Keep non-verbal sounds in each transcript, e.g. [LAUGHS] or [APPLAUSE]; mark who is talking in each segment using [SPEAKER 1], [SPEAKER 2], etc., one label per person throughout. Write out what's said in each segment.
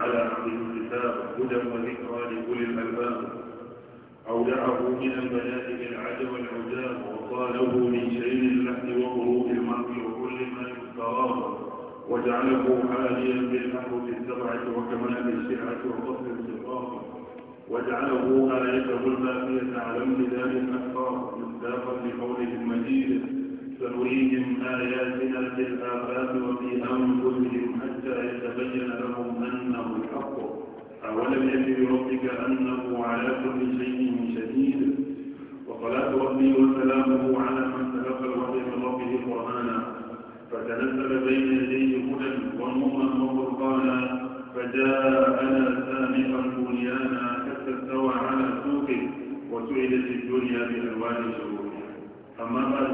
[SPEAKER 1] على عبد الكتاب هدى وذكرى لأولي الألباب أودعه من الملائكة العجب العجاب وصاله من شيل اللحم وغروب المرء وكل ما يختار وجعله حاليا بالأحرف السبعة وكمال الشعة وفصل الشقاق وجعله آيته الباقية على امتداد الأخطار مصداقا لقوله المجيد سنريهم آياتنا في الآفاق وفي أنفسهم يتبين لهم أنه الحق أولم يجد ربك أنه على كل شيء شديد وصلاة ربي وسلامه على من تلقى الوحي من ربه قرآنا فتنزل بين يديه هدى ونورا وفرقانا فجاءنا سامقا بنيانا حتى استوى على سوقه وسعدت الدنيا بألوان شرورها أما بعد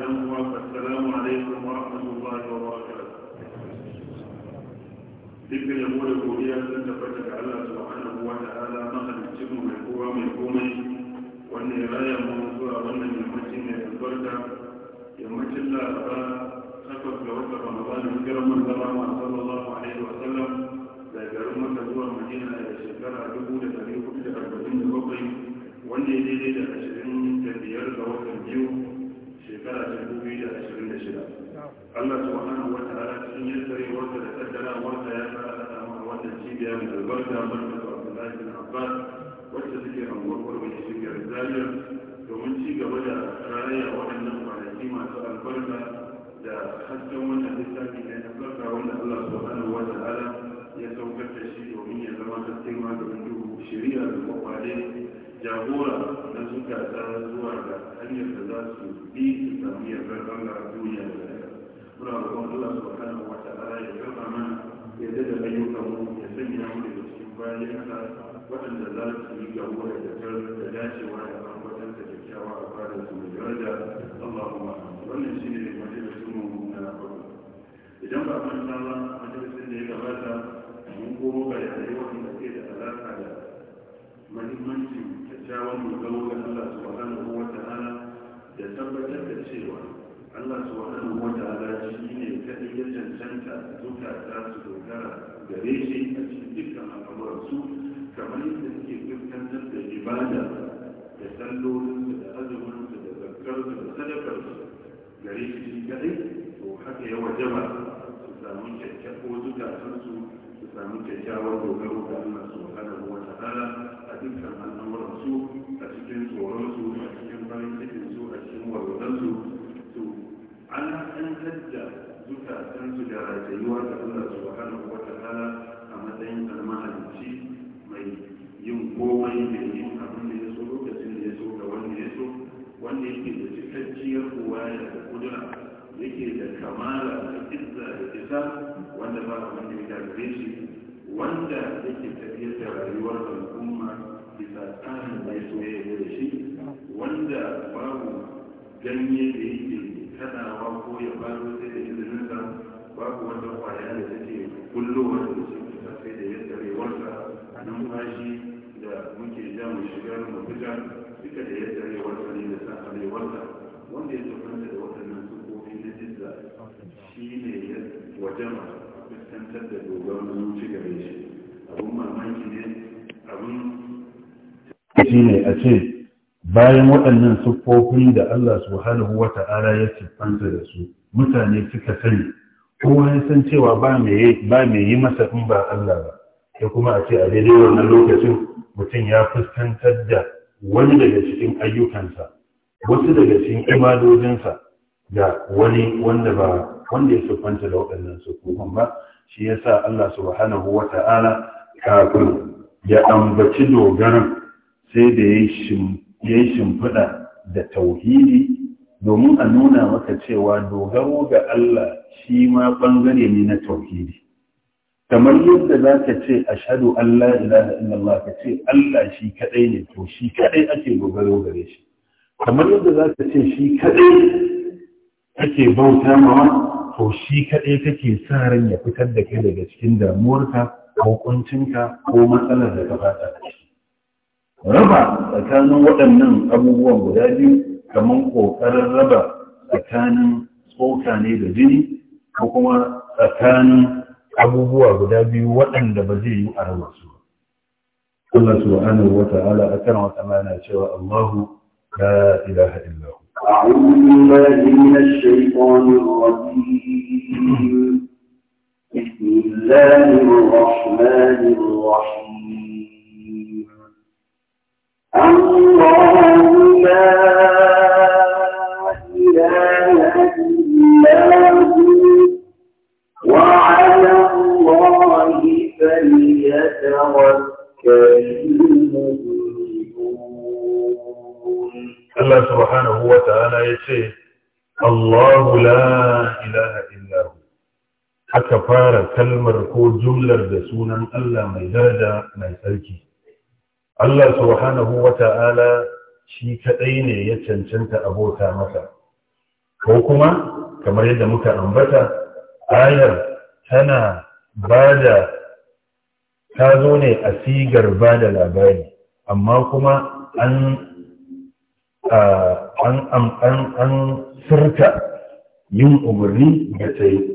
[SPEAKER 1] فالسلام عليكم ورحمة الله وبركاته dukkan yabo da godiya sun tabbata ga Allah subhanahu wa ta'ala mahalicci mu mai kowa mai komai wanda ya raya mu zuwa wannan yammacin mai albarka yammacin laraba takwas ga wata ramadan hijirar manzara ma sallallahu alaihi wa sallam daga garin masa zuwa madina da shekara dubu da dari hudu da arba'in da bakwai wanda ya daidai da ashirin da biyar ga watan biyu shekara ta dubu da ashirin da shida Allah subhanahu wa ta'ala cikin yassare wanda da kaddara wanda ya fara da samun wannan cibiya mai albarka barka da Abdullahi bin Abbas wacce suke anguwar da shirya Zaria domin ci gaba da rayuwa waɗannan kwanaki masu albarka da hasken wannan littafi ne na albarka wanda Allah subhanahu wa ta'ala ya saukar da shi domin ya zama hasken ma da duhu shari'a da kwakwale jagora na zukata zuwa ga hanyar da za su bi su sami yardar Allah duniya da muna roƙon Allah subhanahu wata ta'ala ya karɓa mana ya dada ayyukan mu ya sanya mu da cikin bayan Allah waɗanda za su yi ga gawo da da dacewa da ambatan da kyakkyawa a fara su mai daraja Allahumma wannan shine majalisun mu na farko idan ba mun san ba majalisun da ya gabata mun koro bayanai wanda ke da alaƙa da mahimmancin kyakkyawan mu gawo ga Allah subhanahu wa ta'ala da tabbatar da cewa Allah su waɗanda wata ala shi ne kaɗai ya cancanta zuka ta su dogara gare shi a cikin dukkan al'amuransu kamar yadda suke fuskantar da ibada da sallolinsu da azuminsu da su da sadakarsu gare shi shi kaɗai to haka ya wajaba su samu kyakkyawar zukatansu su su samu kyakkyawar dogaro ga Allah su waɗanda wata ala a dukkan al'amuransu a cikin tsoron su. an hantar da zukatansu da rajayuwa da Allah subhanahu wa ta'ala a matsayin almahanci mai yin komai da yin abin da ya so lokacin da ya so ga wanda ya so wanda yake da cikakkiyar kuwaya da kudura yake da kamala da izza da isa wanda ba abin da ya gare shi wanda yake tafiyar da rayuwar al'umma bisa tsarin da ya ya yi da shi wanda babu ganye da yake tana wako ya faru sai da izininsa babu wata kwaya da take kullowa da ciki sai da yadda rewarsa a numfashi da muke ja mu shiga mu fita duka da yadda rewarsa ne da sa rewarsa wanda ya tafanta da waɗannan sukofi na jizza shi ne ya wajama fuskantar da dogon zuci gare shi abun mamaki ne abun shi ne a ce bayan waɗannan siffofin da Allah subhanahu wa ta'ala ya siffanta da su mutane suka sani kowa ya san cewa ba mai yi masa in ba Allah ba sai kuma a ce a daidai wannan lokacin mutum ya fuskantar da wani daga cikin ayyukansa wasu daga cikin imadojinsa da wani wanda ba wanda ya siffanta da waɗannan siffofin ba shi ya sa Allah subhanahu wa ta'ala kafin ya ambaci dogaran sai da ya yi ya yi shimfiɗa da tauhidi domin a nuna maka cewa dogaro ga Allah shi ma ɓangare ne na tauhidi kamar yadda za ka ce a shaɗu Allah ilaha illallah ka ce Allah shi kaɗai ne to shi kaɗai ake dogaro gare shi kamar yadda za ka ce shi kaɗai ake bauta mawa to shi kaɗai kake sa ran ya fitar da kai daga cikin damuwarka ko kuncinka ko matsalar da ka fata da shi raba tsakanin waɗannan abubuwan guda biyu kamar ƙoƙarin raba tsakanin tsoka ne da jini ko kuma tsakanin abubuwa guda biyu waɗanda ba zai yi a raba su Allah subhanahu wa ta'ala akan wa ta'ala cewa Allahu la ilaha illa
[SPEAKER 2] hu أعوذ بالله من الشيطان الرجيم بسم الله الرحمن الرحيم
[SPEAKER 1] kalmar ko jumlar da sunan Allah mai daraja mai tsarki Allah subhanahu ta'ala shi kaɗai ne ya cancanta abota masa ko kuma kamar yadda muka ambata ayar tana bada ta zo ne a sigar bada labari amma kuma an an an an yin umarni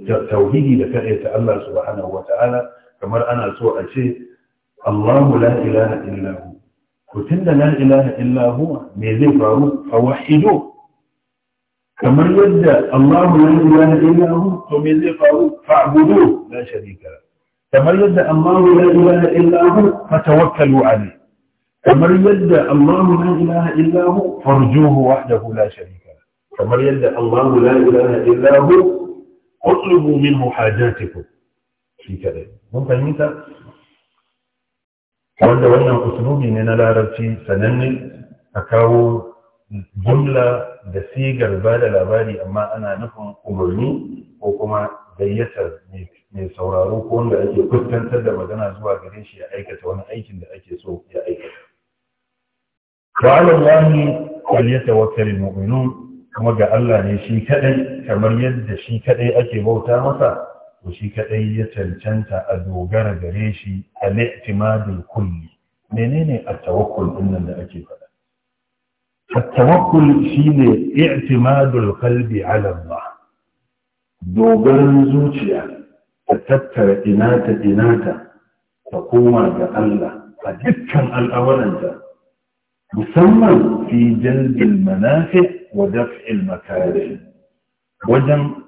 [SPEAKER 1] da tauhidi da kaɗaita Allah subhanahu wa ta'ala kamar ana so a ce Allahu la ilaha illahu ku tunda la ilaha illahu me zai faru a wahido kamar yadda Allahu la ilaha illahu to me zai faru fa'budu la sharika kamar yadda Allahu la ilaha illahu fatawakkalu alayhi kamar yadda Allahu la ilaha illahu farjuhu wahdahu la sharika kamar yadda Allah la ilaha illa hu qulubu minhu hajatikum shi kadai mun fahimta wanda wannan uslubi ne na larabci sananne a kawo jumla da sigar ba da labari amma ana nufin umarni ko kuma gayyatar mai sauraro ko wanda ake kuskantar da magana zuwa gare shi ya aikata wani aikin da ake so ya aikata. Wa alallahi wal yatawakkalul mu'minun kuma ga Allah ne shi kaɗai kamar yadda shi kaɗai ake bauta masa ko shi kaɗai ya cancanta a dogara gare shi a li'timadul kulli menene a tawakkul din nan da ake faɗa at-tawakkul shine i'timadul qalbi ala Allah dogaran zuciya ta tattara inata inata ta koma ga Allah a dukkan al'amuranta musamman fi jalbil manafi' wa daf'il wajen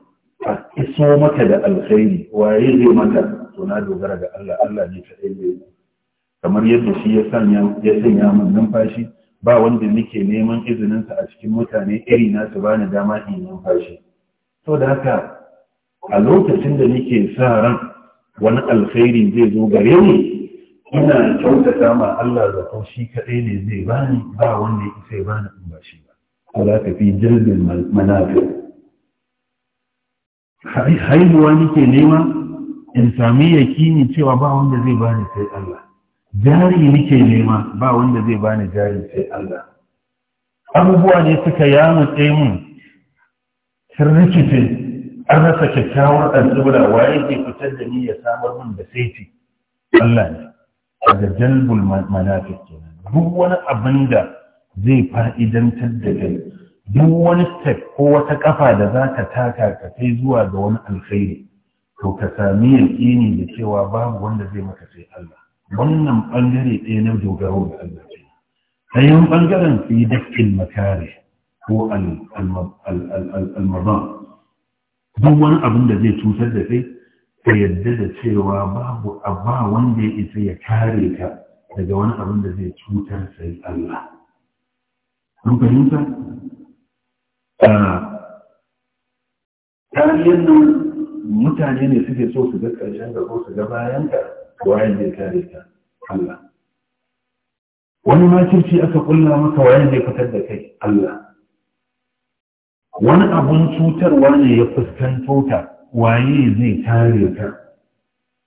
[SPEAKER 1] a iso maka da alkhairi waye zai maka to na dogara ga Allah Allah ne ta kamar yadda shi ya sanya ya sanya min numfashi ba wanda nake neman izinin sa a cikin mutane iri na su bani dama in numfashi to da haka a lokacin da nake sa ran wani alkhairi zai zo gare ni ina kyautata ma Allah zato shi kaɗai ne zai bani ba wanda ya ya bani in ba shi ba ولك في جلب المنافع haihuwa nake nema in sami yakini cewa ba wanda zai bani sai Allah jari nike nema ba wanda zai bani jari sai Allah abubuwa ne suka yamutse mun sun rikice an rasa kyakkyawar al'ubra Waye ke fitar da ni ya samar min da saiti Allah ne daga jalbul manafi kenan duk wani abin da zai fa'idantar da kai duk wani step ko wata kafa da za ka taka ka kai zuwa ga wani alkhairi to ka sami yaƙini da cewa babu wanda zai maka sai Allah wannan ɓangare ɗaya na dogaro ga Allah ce ɗayan ɓangaren fi dakkin makare ko almazan duk wani abin da zai cutar da kai ka yadda da cewa babu abba wanda ya isa ya kare ka daga wani abin da zai cutar sai Allah an fahimta tarihin ah, nan mutane ne suke so su ga ƙarshen ka ko su ga bayan ka wayan zai kare ka Allah wani makirci aka kulla maka wayan zai fitar da kai Allah wani abun cutarwa ne ya fuskanto ta waye zai kare ka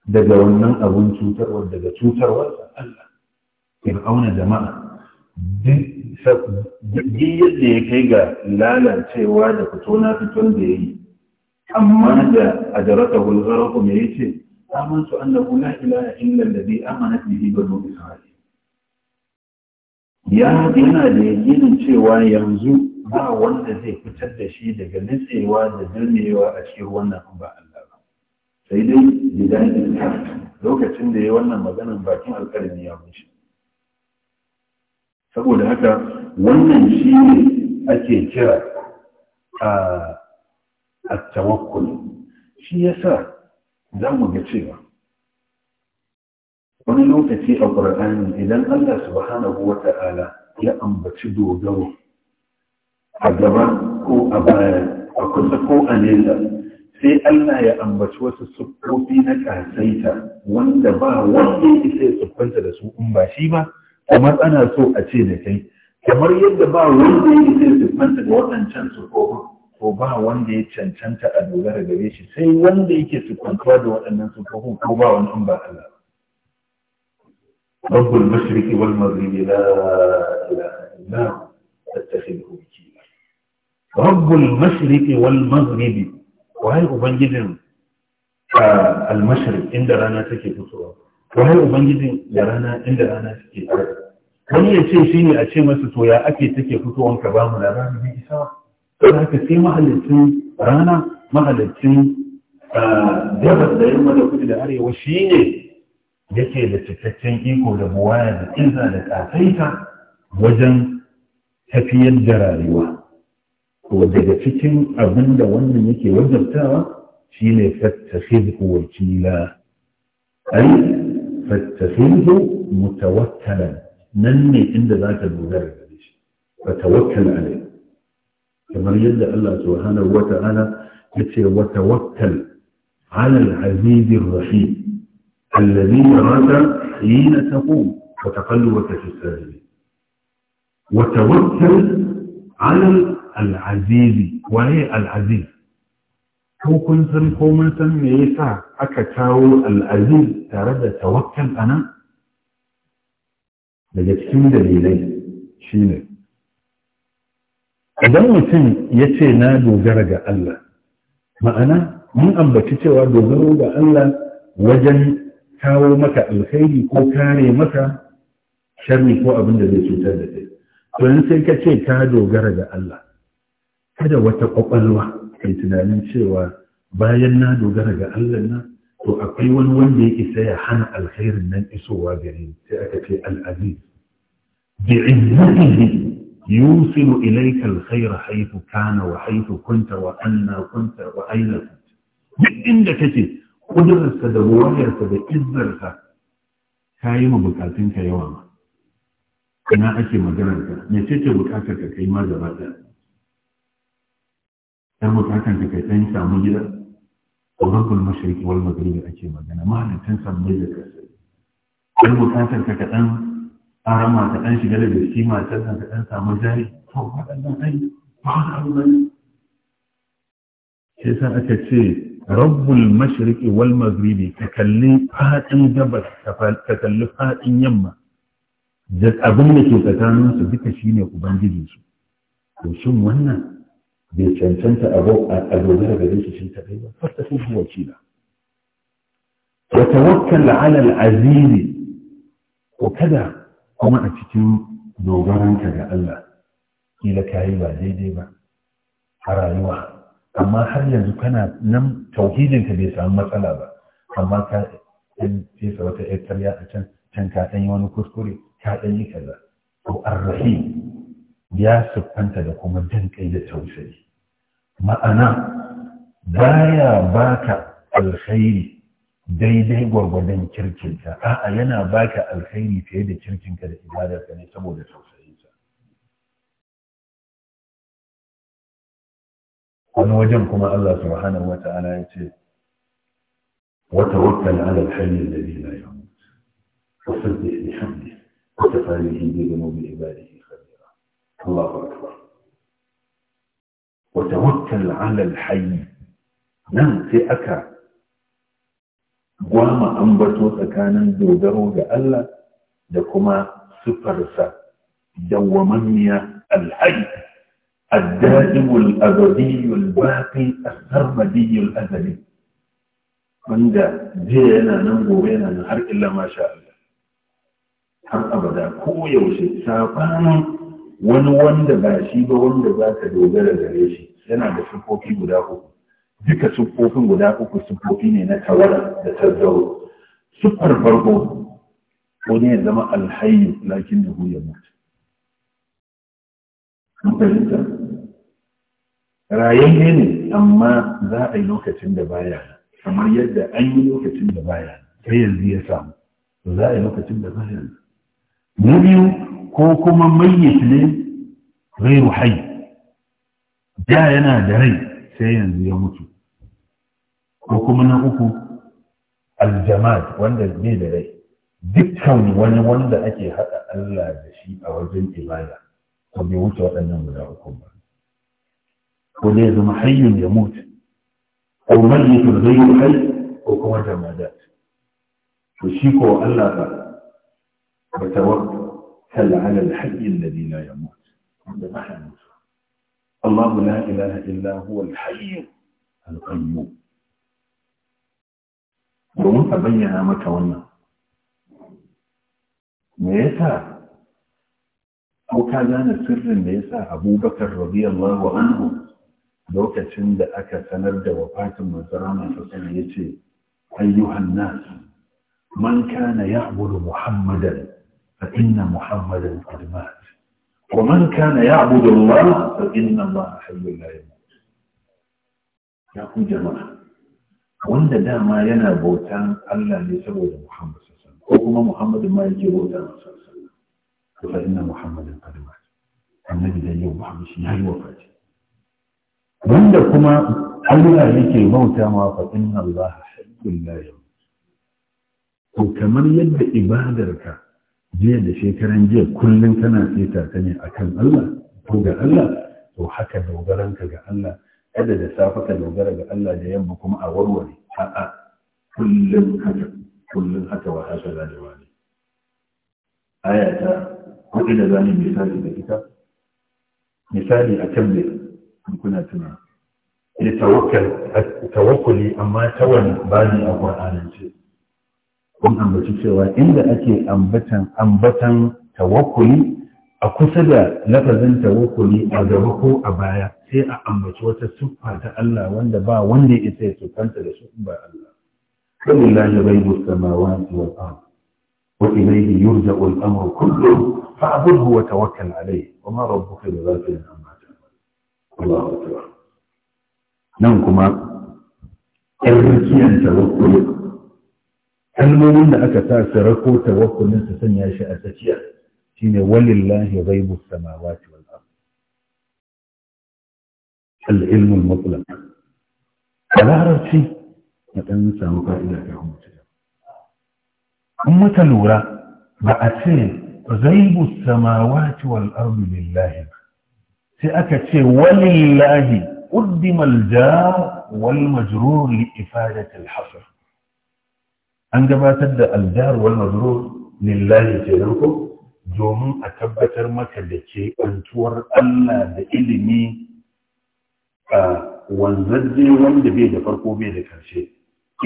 [SPEAKER 1] daga wannan abun cutarwa daga cutarwa? Allah auna jama'a duk duk da ya kai ga lalacewa da fito fiton da ya yi amma da a ajarata ku kuma ya ce amantu annahu la ilaha illa alladhi amanat bihi banu isra'il ya yana da yakinin cewa
[SPEAKER 2] yanzu
[SPEAKER 1] ba wanda zai fitar da shi daga nitsewa da dalmewa a cikin wannan ba Allah ba sai dai bidan lokacin da ya wannan maganan bakin alƙalami ya mushi saboda haka wannan shi ne ake kira a tawakkul shi sa za mu ga cewa wani lokaci a ƙur'ani idan Allah subhanahu wa ta'ala ya ambaci dogaro a gaba ko a baya a kusa ko a nesa sai Allah ya ambaci wasu siffofi na ƙasaita wanda ba wanda ya isa ya siffanta da su in ba shi ba kamar ana so a ce da kai kamar yadda ba wanda ya isa siffanta da waɗancan sufofin ko ba wanda ya cancanta a dogara gare shi sai wanda yake siffantuwa da waɗannan sufofin ko ba wani in ba Allah رب المشرق والمغرب لا إله إلا هو فاتخذه وكيلا رب المشرق والمغرب وهي أبنجد المشرق عند رانا تكي فتوى wani ubangijin ya rana inda rana suke wani ya ce shi ne a ce masa to ya ake take fitowar ka ba mu labari ne isa ba don haka sai mahalicin rana mahalicin ah, gabas da yin da kudu da arewa shi ne yake da cikakken iko da buwaya da kinsa da ƙasaita wajen tafiyar da rayuwa to daga cikin abin da wannan yake wajabtawa shine fattafi wakila ai فاتخذه متوكلا نني عند ذاك المدرب فتوكل عليه كما يدعى الله سبحانه وتعالى يتي وتوكل على العزيز الرحيم الذي يراك حين تقوم وتقلبك في الساجدين وتوكل على العزيز وهي العزيز ko kun san ko mun san me yasa aka kawo al'aziz tare da tawakkal a nan daga cikin dalilai shine idan mutum ya ce na dogara ga Allah ma'ana mun ambaci cewa dogaro ga Allah wajen kawo maka alkhairi ko kare maka sharri ko abin da zai cutar da kai to sai ka ce ka dogara ga Allah kada wata kwakwalwa Mai tunanin cewa bayan na dogara ga Allah na to akwai wani wanda ya isa ya hana alkhairin nan isowa gare ni sai aka ce al-aziz bi izzatihi yusilu ilayka alkhayra haythu kana wa haythu kunta wa anna kunta wa ayna inda kake kudurarsa da wayarsa da izzarsa ka yi ma bukatunka yawa ma ina ake maganar ka me ce bukatar ka kai ma gaba ɗaya saboda hakan da kai san samu gida rabbul mashriq wal maghrib ake magana mahalicin sammai da kasai dan bukatar ka kaɗan arama ta ɗan shiga da gaske matar ka kaɗan samu jari to
[SPEAKER 2] waɗannan ai ba wani abu ba ne
[SPEAKER 1] sai sa aka ce rabbul mashriqi wal maghribi ka kalli fadin gabas ka kalli fadin yamma abin da ke tsakanin su duka shine ubangiji su to shin wannan bai cancanta a dogara gare shi shi kadai ba fasta sun shi wakila wa tawakkal ala al-azizi ko kada kuma a cikin dogaranka ga Allah kila kayi ba daidai ba a rayuwa amma har yanzu kana nan tauhidinka bai samu matsala ba amma ka in fesa wata ƴar karya a can can ka ɗan yi wani kuskure ka ɗan yi kaza to arrahim ya siffanta da kuma jin kai da tausayi ma'ana baya baka alkhairi daidai gwargwadon kirkinka a'a yana baka alkhairi fiye da kirkinka da ibadarka ne saboda tausayinsa
[SPEAKER 2] wani wajen kuma Allah subhanahu wa ta'ala ya ce wa tawakkal ala alhayy alladhi la yamut wa sabbih bihamdihi
[SPEAKER 1] wa tafawihi bi dhunubi ibadihi Wata akbar wa tawakkal nan sai aka gwama ambato tsakanin dogaro ga Allah da kuma sufarsa dawwamammiya alhayy الدائم الأبدي الباقي السرمدي الأزلي wanda jiya yana nan gobe yana nan har illa ma Allah har abada ko yaushe sabanin wani wanda ba shi ba wanda za ka dogara gare shi yana da siffofi guda uku duka siffofin guda uku siffofi ne na tawara da tazzaro siffar farko wani ya zama alhayyu, lakin da huya mutu an fahimta rayayye ne amma za a yi lokacin da baya kamar yadda an yi lokacin da baya sai yanzu ya samu za a yi lokacin da baya na biyu ko kuma mayyit ne ghairu hayy da yana da rai sai yanzu ya mutu ko kuma na uku aljamad wanda bai da rai dukkan wani wanda ake haɗa Allah da shi a wajen ibada ko bai wuce waɗannan guda uku ba ko dai zama hayyun ya mutu ko mayyitun ghairu hayy ko kuma jamadat to shi ko Allah ba ba هل على الحي الذي لا يموت هذا ما حيموت الله لا إله إلا هو الحي القيوم domin a bayyana maka wannan me yasa ko ka gane sirrin da yasa abubakar radiyallahu anhu lokacin da aka sanar da wafatin manzara sassan ya ce ayyuhan nas man kana ya'budu muhammadan فإن محمدا قد مات ومن كان يعبد الله فإن الله حي لا يموت يا ku jama'a wanda dama yana bautan Allah ne saboda Muhammad sallallahu ko kuma Muhammad ma yake bauta masa sallallahu to fa inna Muhammadan qad mat annabi da yau Muhammad shi yayi wafati wanda kuma Allah yake bauta ma fa inna Allah hayyul la yamut to kamar yadda ibadarka jiya da shekaran jiya kullum kana seta ta ne a kan Allah ko ga Allah to haka dogaranka ga Allah kada da safe ka dogara ga Allah da yamma kuma a warware a'a kullum haka kullum haka wa haka da wani aya ta hudu da zamu misali da ita misali a kan bai kuna tuna ya tawakkali amma tawan bani a Qur'anance kun ambaci cewa inda ake ambatan ambatan tawakkuli a kusa da lafazin tawakkuli a gaba ko a baya sai a ambaci wata siffa ta Allah wanda ba wanda ya isa ya sukanta da su ba Allah walillahi ghaibu bai wal ard wa ilayhi yurja'u al amru kullu fa'budhu wa tawakkal alayhi wa ma rabbuka bi ghafilin amma ta'malun Allahu akbar nan kuma irkiyan tawakkuli kalmomin da aka sa su rako tawakkulin su sanya shi a tafiya shine walillahi ghaibu samawati wal ard al ilm al mutlaq a larabci na dan samu fa'ida ta hukunci in muka lura ba a ce ghaibu samawati wal ard lillahi sai aka ce walillahi قدم الجار والمجرور لإفادة الحصر an gabatar da aljar wal mazrur lillahi kenan ko domin a tabbatar maka da ke kwantuwar Allah da ilimi a wanzarje wanda bai da farko bai da karshe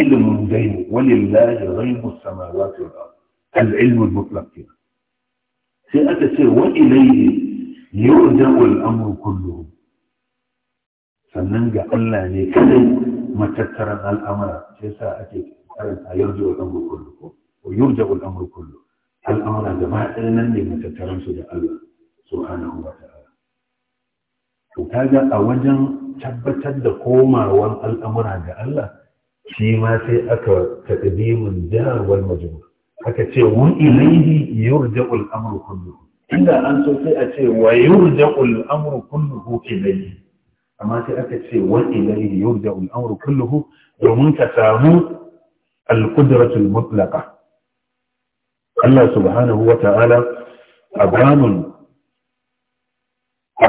[SPEAKER 1] ilimin gaibu walillahi ghaibu samawati za ard yi ilm al sai aka ce wa ilayhi yurja'u da amru sannan ga Allah ne kadai matattaran al'amura sai sa ake يرجع الأمر كله ويرجع الأمر كله الامر أمر جماعة لنا من تترمس الله سبحانه وتعالى وهذا أوجن تبت الدقومة والأمر عند الله فيما في سيأك تقديم الداء والمجمور حكا وإليه يرجع الأمر كله إلا أن تسيأتي ويرجع الأمر كله إليه أما سيأك وإليه يرجع الأمر كله ومن تسامو alƙudratul qudratul Allah subhanahu wa ta'ala a gamun a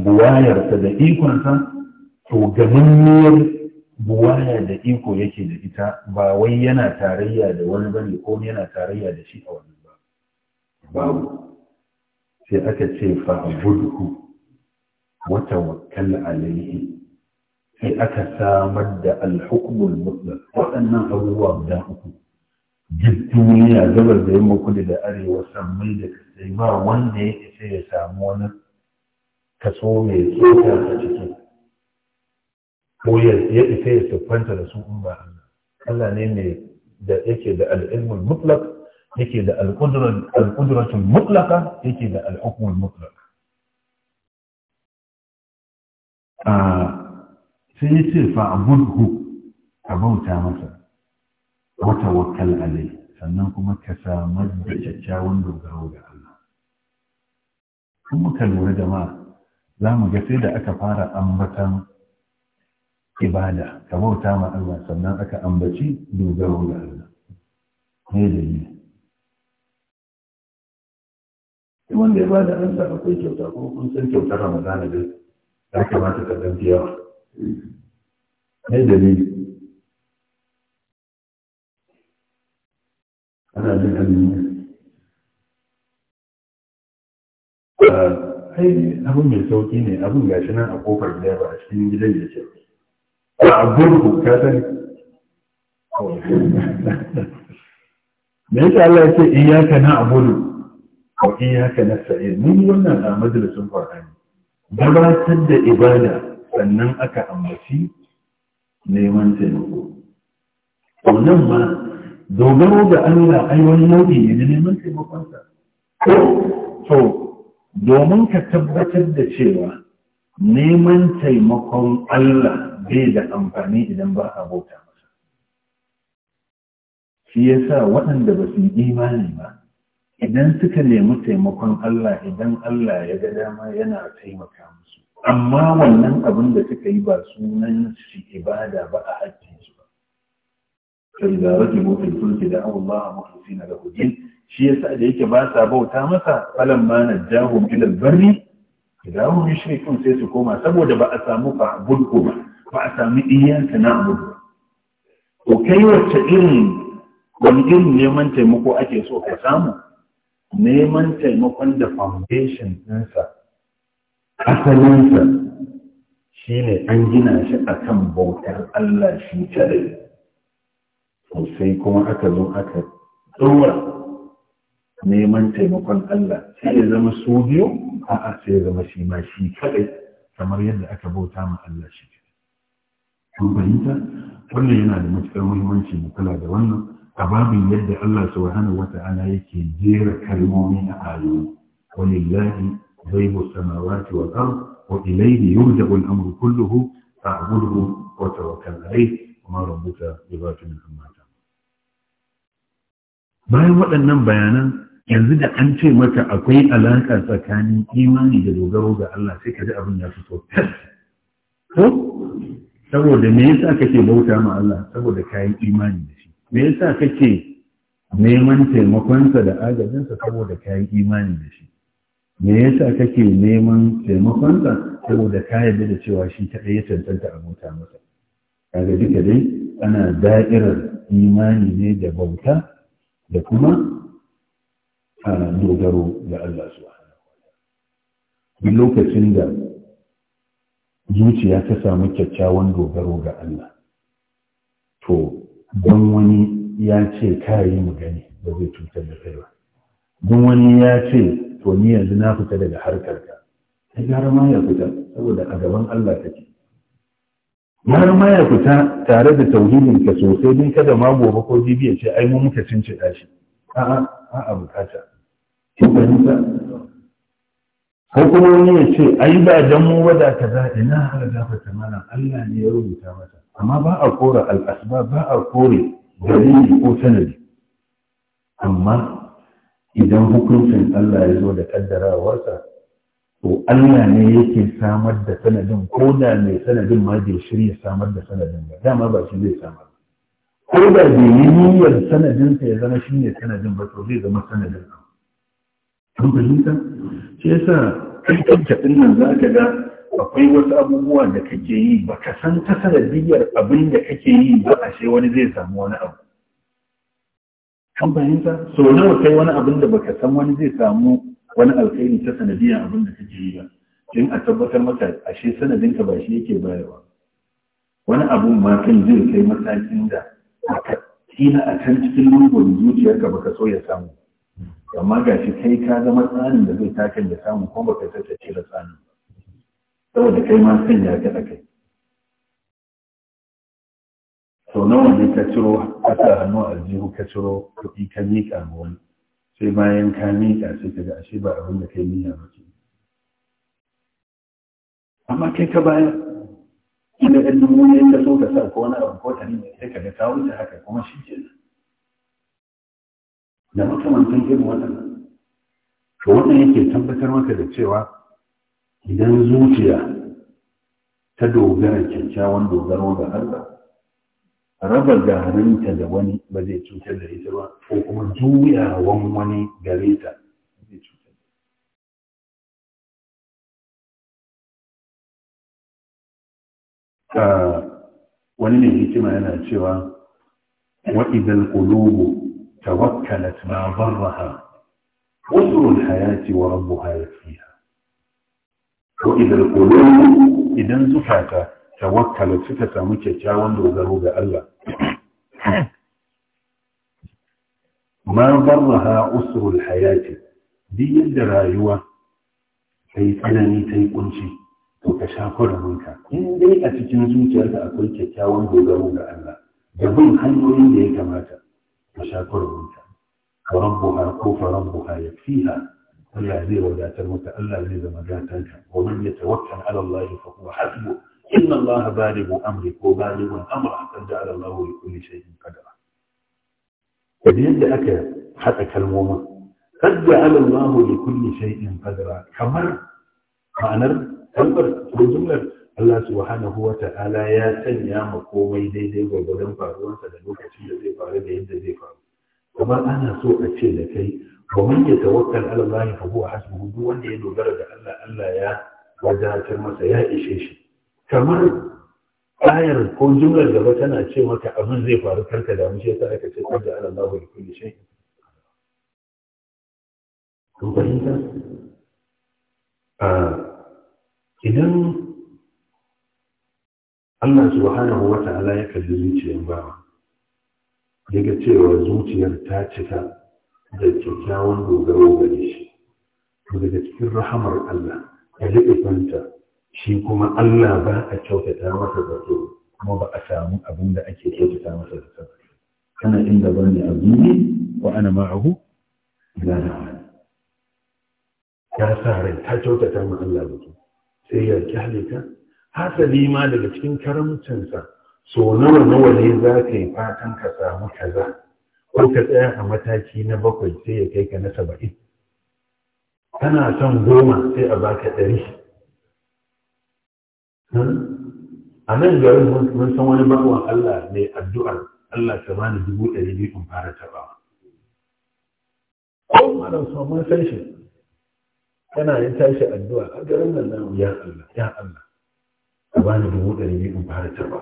[SPEAKER 1] buwayarsa da ikonsa to gamammiyar buwaya da iko yake da ita ba wai yana tarayya da wani bane ko yana tarayya da shi a wani ba babu sai aka ce fa'budhu wa tawakkal alayhi sai aka samar da alhukumul mutlak waɗannan abubuwa guda uku jirgin ya gabar da yamma kudu da arewa sammai da kasai ba wanda ya isa ya samu wani kaso mai tsoka a ciki ko ya isa ya siffanta da su in ba Allah ne mai da yake da al'ilmul mutlak, yake da al'udratul mutlaka, yake da al'ukumul mutlak. Ah, sai ya ce fa abudhu ka bauta masa wata wakal alai sannan kuma ka samar da kyakkyawan dogaro ga Allah kun muka lura ma za mu ga sai da aka fara ambatan ibada ka bauta ma Allah sannan aka ambaci dogaro ga Allah ne da
[SPEAKER 2] yi wanda ya bada an sa akwai kyauta ko kun san kyautar Ramadana da ya kamata ka dan yawa da dalili ana jin azumi
[SPEAKER 1] ah, ai abin mai sauki ne abin gashi nan a kofar da ba a cikin gidan da ce ba a gurgu ka sani me yasa Allah ya ce in na'budu wa na sa'ir ni wannan a majalisin Qur'ani gabatar da ibada sannan aka ambaci neman taimako wannan ma dogaro ga Allah ai wani nau'i ne na neman taimakonsa to domin ka tabbatar da cewa neman taimakon Allah bai da amfani idan ba a bauta masa shi sa waɗanda ba su yi imani ba idan suka nemi taimakon Allah idan Allah ya ga dama yana taimaka musu amma wannan abin da suka yi ba sunan shi ibada ba a hajjin su ba sai da rage motar sulki da awon ma'a mafi na da hujji shi ya sa da yake ba sa bauta masa falon ma na jahun ilal Da idan shi kun sai su koma saboda ba a samu a bulko ba ba a samu iyansa na abubuwa. Ko kai wacce irin wani irin neman taimako ake so ka samu neman taimakon da foundation ɗinsa asalinsa shi ne an gina shi a kan bautar Allah shi kadai. sosai kuma aka zo aka ɗora neman taimakon Allah sai ya zama su biyu a'a sai ya zama shi ma shi kadai kamar yadda aka bauta ma Allah shi kun fahimta wannan yana da matuƙar muhimmanci mu kula da wannan a babin yadda Allah subhanahu Ta'ala yake jera kalmomi a ayoyi walillahi غيب السماوات والأرض وإليه يرجع الأمر كله فاعبده وتوكل عليه وما ربك بغافل عما تعمل bayan waɗannan bayanan yanzu da an ce maka akwai alaƙa tsakanin imani da dogaro ga Allah sai ka ji abin ya fito tas ko saboda me yasa kake bauta ma Allah saboda kayan imani da shi me yasa kake neman taimakonsa da agajinsa saboda kayan imani da shi me yasa kake neman taimakonsa saboda ka yarda da cewa shi kaɗai ɗaya cancanta a bauta masa kaga duka dai ana da'irar imani ne da bauta da kuma a dogaro da Allah su. duk lokacin da zuciya ta samu kyakkyawan dogaro ga Allah to don wani ya ce kayi mu gani ba zai cutar da kai ba don wani ya ce to ni yanzu na fita daga harkar ka sai gara ma ya fita saboda a gaban Allah kake gara ma ya fita tare da tauhidin ka sosai din kada ma gobe ko jibi ya ce ai mu muka cincika shi a'a a bukata kin fahimta ko kuma wani ya ce ai ba dan mu wada za ina har da fata mana Allah ne ya rubuta mata amma ba a kora al-asbab ba a kore dalili ko sanadi amma idan hukuncin Allah ya zo da kaddarawarsa to Allah ne yake samar da sanadin ko da mai sanadin ma bai shirya samar da sanadin ba dama ba shi zai samar ko da bai yi niyyar sanadin ya zama shi ne sanadin ba to zai zama sanadin ba. kun fahimta shi yasa kai kanka din nan za ka ga akwai wasu abubuwa da kake yi baka san ta sanadiyyar abin da kake yi ba a wani zai samu wani abu kan fahimta so nawa kai wani abin da baka san wani zai samu wani alkhairi ta sanadiyar abin da kake yi ba in a tabbatar maka ashe sanadinka ba shi yake bayarwa wani abun ma kan zai kai matakin da aka kila a can cikin lungun zuciyarka baka so ya samu amma ga shi kai ka zama tsanin da zai takan ya samu kuma baka tattace da tsanin saboda kai ma sanya ka da kai sau nawa ne ka ciro a hannu a jihu ka ciro kuɗi ka miƙa ma wani sai bayan ka miƙa sai ka ga ashe ba abin da kai niyya ba ke amma kai ka bayan Ina ɗan dubu ne ka so ka sa ko wani abu ko tani ne sai ka ga kawo wuce haka kuma shi ke da makamantan irin wannan, to wannan yake tabbatar maka da cewa idan zuciya ta dogara kyakkyawan dogaro ga Allah raba garanta da wani ba zai cutar da ita ba ko kuma juyawan wani
[SPEAKER 2] gare ta zai cutar da ita wani mai hikima yana
[SPEAKER 1] cewa wa'idal qulubu tawakkalat ma darraha usru al-hayati wa rabbuha yakfiha wa'idal qulubu idan zukata tawakkalu suka samu kyakkyawan dogaro ga Allah ma barraha usrul hayati duk yadda rayuwa ta yi tsanani ta yi kunci to ka sha kuraminka in dai a cikin zuciyarka akwai kyakkyawan dogaro ga Allah da bin hanyoyin da ya kamata ka sha kuraminka فربها كوف ربها يكفيها الله زي ولا تموت الله زي ما جاتك ومن يتوكل على الله فهو حسبه إن الله بالغ أمرك وبالغ أمرك قد جعل الله لكل شيء قدرا فبيد أكا حتى كلموما قد جعل الله لكل شيء قدرا كمر معنى kalmar ko jumlar Allah subhanahu wa ta'ala ya sanya ma komai daidai gwagwadon sa da lokacin da zai faru da yadda zai faru kuma ana so a ce da kai wa man yatawakkal ala Allah fa huwa hasbuhu wanda ya dogara da Allah Allah ya wadatar masa ya ishe shi kamar ayar ko jumlar gaba tana ce maka abin zai faru karka da mu shi yasa aka ce kada ala Allah wa kulli shay kun fahimta Ah idan Allah subhanahu wa ta'ala ya kalli zuciyar bawa daga cewa zuciyar ta cika da kyakkyawan dogaro gare shi daga cikin rahamar Allah ya riƙe fanta shi kuma Allah ba a kyautata masa zato kuma ba a samu abin da ake kyautata masa zato Kana inda ba ne abu ne wa ana ma'ahu ila da ya sa rai ta kyautata ma Allah zato sai ya kyale ka hasali ma daga cikin karamcinsa so nawa nawa ne za ka yi fatan ka samu kaza ko ka tsaya a mataki na bakwai sai ya kai ka na saba'in kana son goma sai a baka ɗari Hmm? a nan garin mun san wani bakwan Allah mai addu'ar Allah ta bani dubu ɗari biyu in fara taɓa. Ko malam so mun san shi yana yin tashi addu'a a garin nan nan ya Allah ya Allah ta bani dubu ɗari biyu in fara taɓa.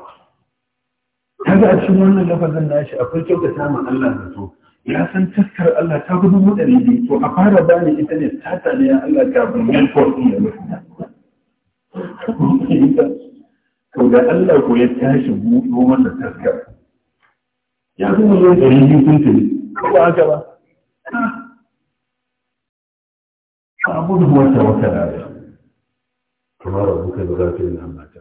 [SPEAKER 1] Kaga a cikin wannan lafazin nashi akwai kyautata ma Allah da so ya san taskar Allah ta gudu dubu ɗari biyu to a fara bani ita ne ta tare ya Allah kafin yan kwarfi da mutum. to da Allah ko ya tashi buɗo masa taskar ya kuma zo da yi tuntuni ko haka ba abu da wata wata rada kamar abu kai ba za ta yi na mata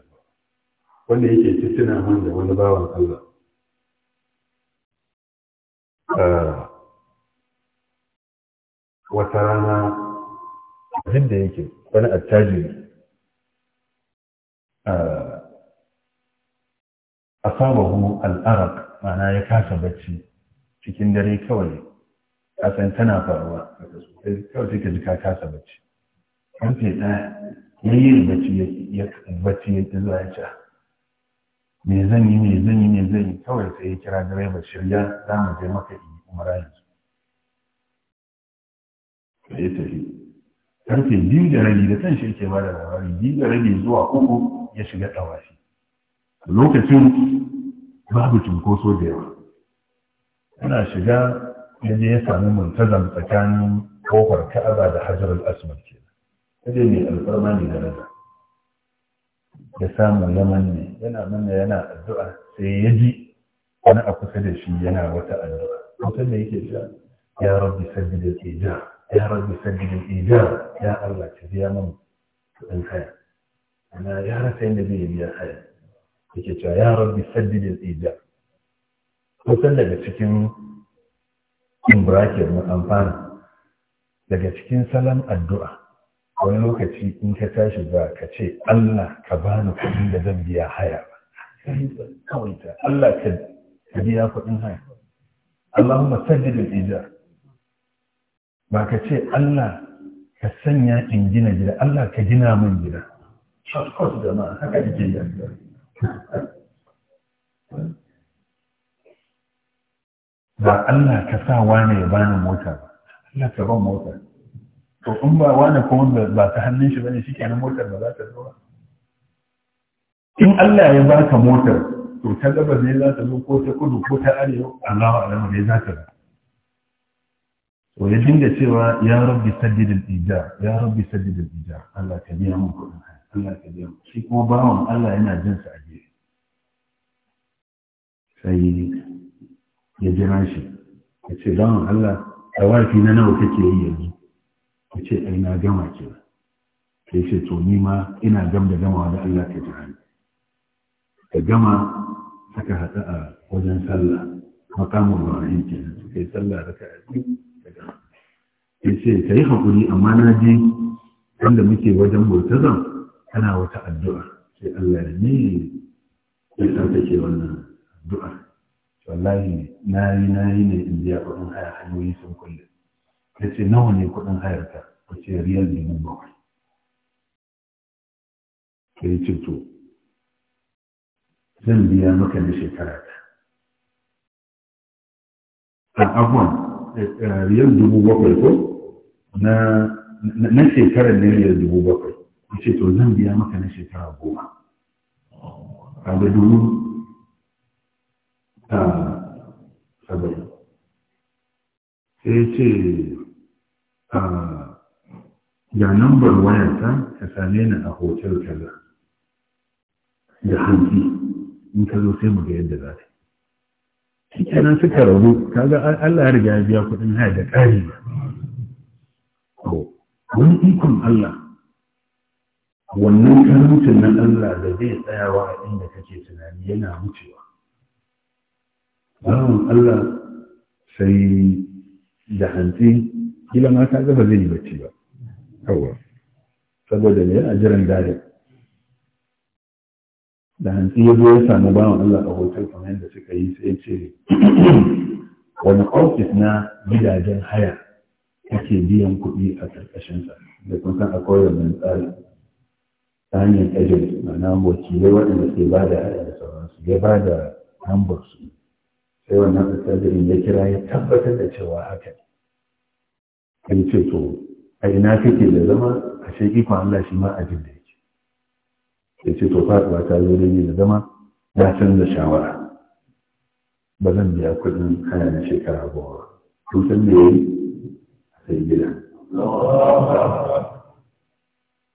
[SPEAKER 1] wanda yake ci suna man da wani bawan Allah ah, wata rana duk da yake wani attajiri A hu al'arab mana ya kasa bacci cikin dare kawai kasan tana faruwa kawai ka ji ka kasa bacci kamfe ɗaya ya yi bacci ya bacci ya zuwa ya ca me zan yi me zan yi me zan yi kawai sai ya kira direba shirya za mu je maka yi umara yanzu ya tafi karfe biyu da rabi da kan shi yake ba da labari biyu da rabi zuwa uku ya shiga tawafi lokacin babu cunkoso da yawa ana shiga yaje ya sami muntazam tsakanin kofar ka'aba da hajar al-aswad ke yaje mai alfarma ne da raza ya samu yaman ne yana manna yana addu'a sai ya ji wani a kusa da shi yana wata addu'a kusa da yake cewa ya rabbi sabbi da ke jira يا رب sajjidin ijar ya Allah ka biya min kuɗin haya ana ya rasa yadda zai biya haya yake cewa ya rabbi sajjidin ijar kusan daga cikin in daga cikin salon addu'a wani lokaci in ka tashi za ka ce Allah ka bani kuɗin da zan biya haya kawai ta Allah ka biya kuɗin haya Allahumma ijar ba ka ce Allah ka sanya in gina gida Allah ka gina min gida shortcut da ma haka jikin yi ba Allah ka sa wane ya bani mota ba Allah ka ban mota to in ba wane kuma ba ta hannun shi bane na motar ba za ta zo ba in Allah ya baka motar to ta gaba ne za ta zo ko ta kudu ko ta arewa Allah wa Alama ne za ta zo to ya dinga cewa ya rabbi saddidil ija ya rabbi saddidil ija Allah ka biya mu kuɗin Allah ka biya mu shi kuma bawan Allah yana jin sa a gefe sai ya jira shi ya ce bawan Allah tawafi na nawa kake yi yanzu ya ce ai na gama ke sai ce to ni ma ina gam da gamawa da Allah ka jira ni ka gama saka haɗu a wajen sallah makamun rahim kenan suka yi sallah raka'a biyu ya ce ka yi haƙuri amma na je wanda muke wajen murtazan kana wata addu'a sai Allah ne ya sa ke wannan addu'a wallahi na yi na yi ne in biya kuɗin haya hanyoyi sun kulle ya ce nawa ne kuɗin hayar ka ta ce riyal dubu bakwai
[SPEAKER 2] ya yi to zan biya maka na shekara ta
[SPEAKER 1] a abuwan Eh, riyar dubu bakwai ko na shekarar na riyar dubu bakwai ya ce to zan biya maka na shekara goma A da dubu ta ah, sabai sai ce ah, ga nambar wayarta ka same ni a hotel kaza da hanki in ka zo sai mu ga yadda za ta kenan suka rabu kaga Allah ya riga ya biya kuɗin haya da ƙari ko wani ikon Allah wannan karamcin nan Allah da zai tsayawa a inda kake tunani yana wucewa bawan Allah sai da hantsi kila ma ka gaba zai yi bacci ba yawa saboda ne a jiran dare da hantsi ya zo ya samu bawan Allah a hotel kamar yadda tsayi sai ce wani ofis na gidajen haya kake biyan kuɗi a ƙarƙashinsa da kun san akwai wannan tsari ta hanyar agent ma'ana wakilai waɗanda ke ba da haya da sauransu ya ba da nambar su sai wannan tsarin ya kira ya tabbatar da cewa haka ne ce to a ina kake da zama a shi ikon Allah shi ma ajin da yake ya ce to ta zo da da zama na canza shawara ba zan biya kuɗin haya na shekara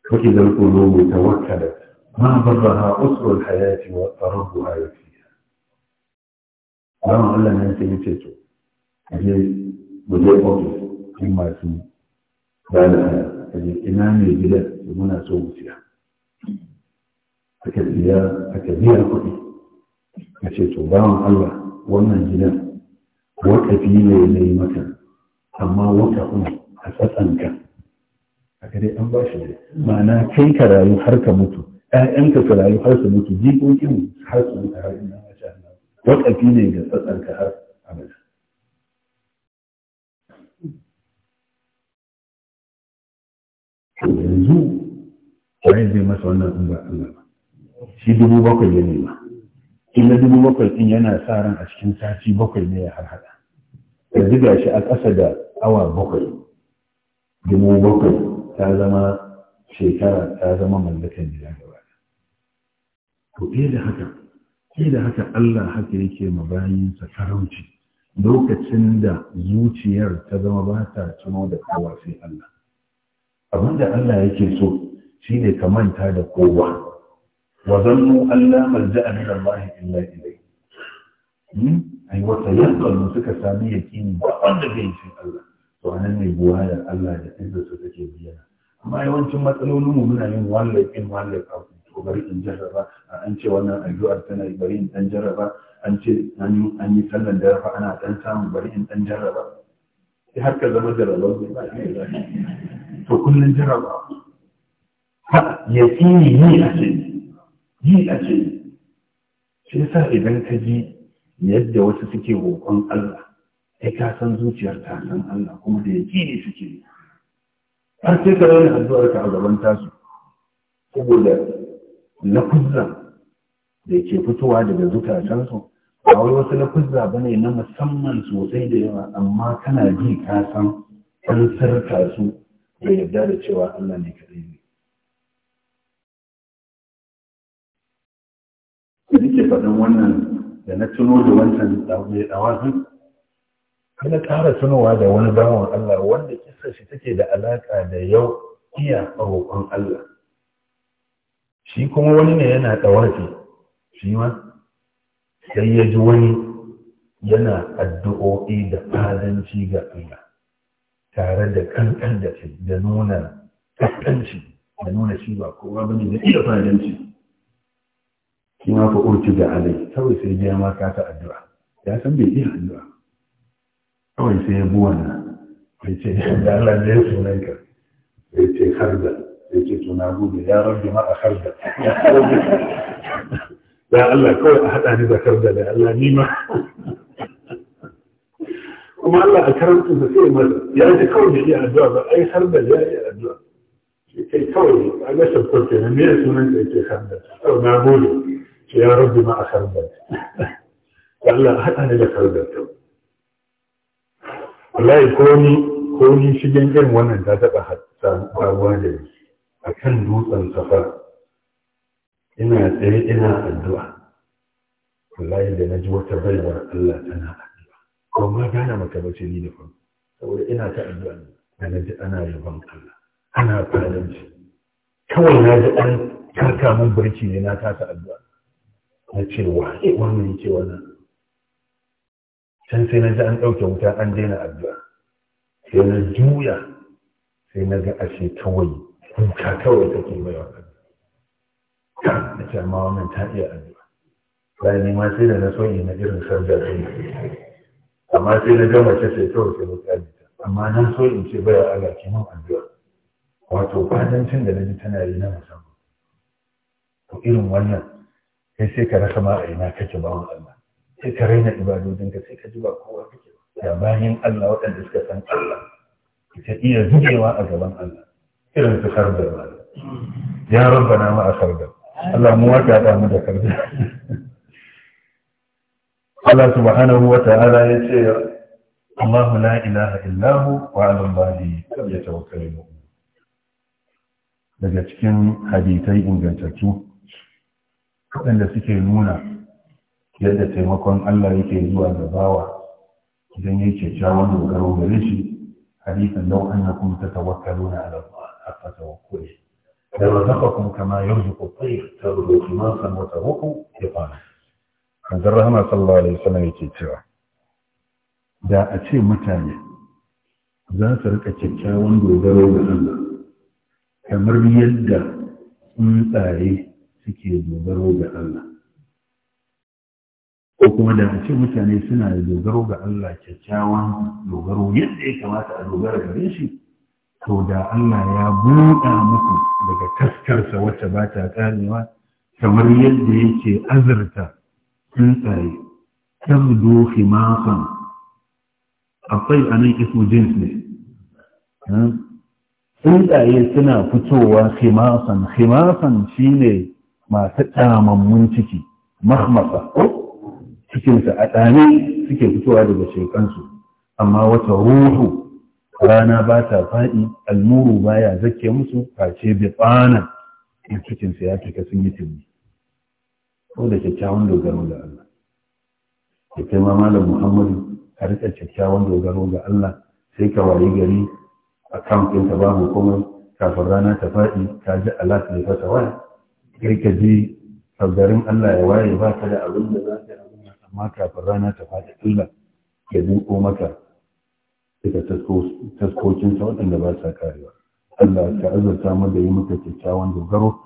[SPEAKER 1] فإذا القلوب توكلت ما ضرها أسر الحياة وربها يكفيها لما قال لنا أنت يتيتو أجي بجي أوفيس كما يسمى بعد أجي إمام البلاد هنا سوسيا أكذيا أكذيا كوي أجي تو wannan gidan waƙafi ne na yi maka amma waƙafin a tsatsanka a gare an ba shi ma'ana kai ka rayu har ka mutu ƴaƴanka ka rayu har su mutu jikokin har su mutu har ina ma wata waƙafi ne ga tsatsanka har abada yanzu wani zai masa wannan in ba Allah ba shi dubu bakwai ya nema ina na dubu bakwai ɗin yana sa ran a cikin sati bakwai ne ya harhaɗa ka ziga shi a ƙasa da awa bakwai dubu bakwai ta zama shekara ta zama mallakan gida wata to ke da haka ke da haka Allah haka yake ma bayinsa farauci lokacin da zuciyar ta zama ba ta tuno da kowa sai Allah abinda Allah yake so shine ka manta da kowa وظنوا أن لا ملجأ من الله إلا إليه أي وتيقنوا سكا سامي يكيني وأن بين شيء الله وأنا من بوايا الله يتزا ستكي بينا أما يوان ثم تقولون ممنا يوم والله إن والله أو bari in jarraba an ce wannan addu'ar tana bari in dan jarraba an ce an yi sallan da ana dan samu bari in dan jarraba har ka zama jarraba to ha ni a ji ce shi sa idan ka ji yadda wasu suke roƙon Allah ai ka san zuciyar ta san Allah kuma da yaki ne suke har sai ka rana addu'ar ka a gaban tasu saboda na kuzza da ke fitowa daga zukacensu ba wai wasu na kuzza ne na musamman sosai da yawa amma kana ji ka san an sarka su da yarda da cewa Allah ne kaɗai ne da nake faɗin wannan da na tuno da wancan mai ɗawazin kada ƙara tunowa da wani bawan Allah wanda kisa shi take da alaƙa da yau iya roƙon Allah shi kuma wani ne yana ɗawafi shi ma sai ya ji wani yana addu'o'i da fadanci ga Allah tare da kankan da da nuna kankanci da nuna shi ba kowa bane da iya fadanci kima fa urci da alai kawai sai ya ma ka ta addu'a ya san bai yi addu'a kawai sai ya bi wannan bai ce da Allah ne sunan ka bai ce harda bai ce to na gode ya rabbi ma a harda ya Allah kawai a hada ni da harda da Allah ni ma kuma Allah a karanta da sai ma ya ji kawai da iya addu'a ba ai harda ya iya addu'a kai kawai a ga shakkar kenan ne sunan ka yake harda to na gobe ce ya rabbi ma a sarbar Allah haɗa ne da sarbar ta wallahi ko ni ko ni shigen irin wannan ta taɓa faruwa da ni a kan dutsen safar ina tsaye ina addu'a wallahi da na ji wata baiwar Allah tana addu'a ko ma gana maka bace ni da farko saboda ina ta addu'a ne da na ji ana yaban Allah ana fadanci kawai na ji an taka mun barci ne na kasa addu'a na ce waye wannan yake wannan can sai na ji an ɗauke wuta an daina addu'a sai na juya sai na ga ashe kawai kuka kawai take mai wannan na ce amma wannan ta iya addu'a bayan ma sai da na soyi na irin sarja sai amma sai na gama ce sai kawai sai mutane amma na soyi in ce baya Allah ke mun addu'a wato fadancin da na ji tana yi na musamman to irin wannan sai sai ka rasa ma a ina kake bawan Allah sai ka raina ibadodinka sai ka ji ba kowa kake da bayan Allah waɗanda suka san Allah ita iya zubewa a gaban Allah irin su kardar ba ya rabbana ma a kardar Allah mu wata da mu da kardar Allah subhanahu wa ta'ala ya ce Allah la ilaha illahu wa ala Allah ya tawakkalul daga cikin hadisai ingantattu waɗanda suke nuna yadda taimakon Allah yake zuwa da bawa idan ya ce kyawun dogaro gare shi hadisan lau annakum tatawakkaluna ala Allah haqqa tawakkuli da razaqakum kama ta at-tayr san wata wa tarzuqu fara Manzon Rahama sallallahu alaihi wasallam yake cewa da a ce mutane za su rika kyakkyawan dogaro ga Allah kamar yadda tsuntsaye suke dogaro ga Allah ko kuma da ce mutane suna da dogaro ga Allah kyakkyawan dogaro yadda ya kamata a dogara gare shi to da Allah ya buɗa muku daga kaskarsa wacce ba ta karewa kamar yadda yake azurta tsuntsaye tabdo himasan akwai a nan ismu jins ne tsuntsaye suna fitowa himasan himasan shine masu ɗamammun ciki mahmasa cikinsa a ɗane suke fitowa daga shekansu amma wata ruhu rana ba ta faɗi almuru baya zake musu face bi tsana in cikinsa ya cika sun yi tuni ko da kyakkyawan dogaro ga Allah ya kai ma malam Muhammadu ka rika kyakkyawan dogaro ga Allah sai ka wayi gari account ba babu kuma kafin rana ta faɗi ka ji Allah ta fasa waya kai ka ji garin Allah ya waye ba ka da abin da za ka yi amma kafin rana ta faɗi illa ya duko maka daga taskokinsa waɗanda ba sa karewa Allah ta azurta mu da yi muka kyakkyawan dogaro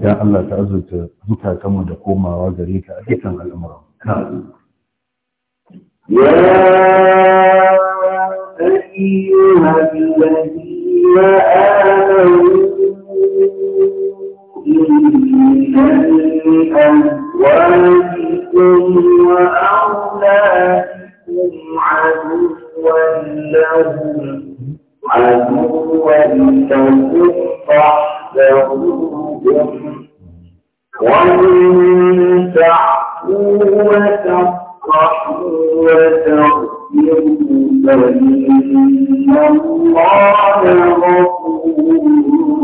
[SPEAKER 1] don Allah ta azurta zukatanmu da komawa gare ka a dukkan al'amura
[SPEAKER 2] يا أيها الذين آمنوا من أزواجكم وأولادكم عدوا لهم عدوا فاحذروهم وإن الله غفور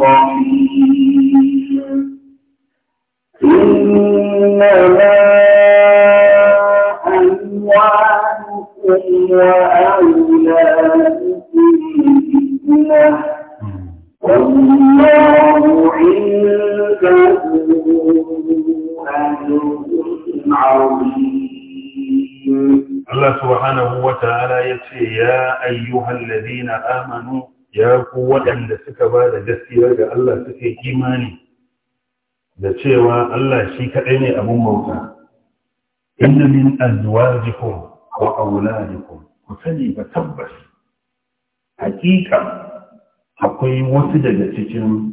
[SPEAKER 2] رحيم Allah
[SPEAKER 1] subhanahu wa ta’ala ya ce, Ya ayyuhan ladina amanu, ya ku waɗanda suka ba da gaskiya ga Allah suke imani da cewa Allah shi kaɗai ne abin mauta. Inna min azuwar wa auladikum ku sani ba tabbas hakika akwai wasu daga cikin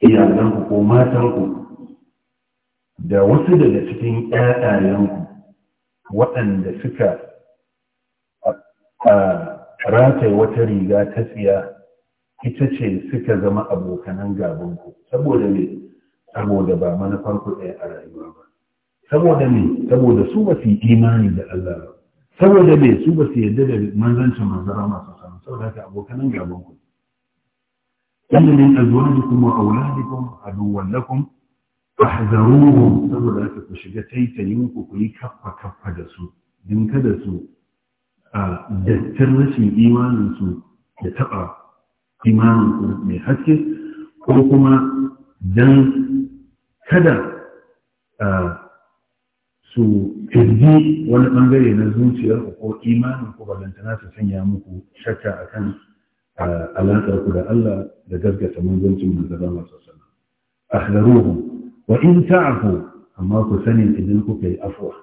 [SPEAKER 1] iyalanku ko matanku da wasu daga cikin ƴaƴayenku waɗanda suka rataye wata riga ta tsiya ita ce suka zama abokanan gabanku saboda ne saboda ba manufarku ɗaya a rayuwa ba saboda me saboda su ba su imani da Allah ba saboda me su ba su yarda da manzancin manzara masu sanu saboda haka abokan gaban ku inna min azwajikum wa auladikum aduwwan lakum fahzaruhum saboda haka ku shiga taitayin ku ku yi kaffa kaffa da su din kada su a dattar rashin imanin su da taba imanin ku mai haske ko kuma dan kada su firgi wani bangare na zuciyarku ko imaninku balantana su sanya muku shakka akan alaƙarku da Allah da gaskata manzancin manzara masu sana. Ahdaruhu wa in ta'afu amma ku sani idan kuka yi afuwa.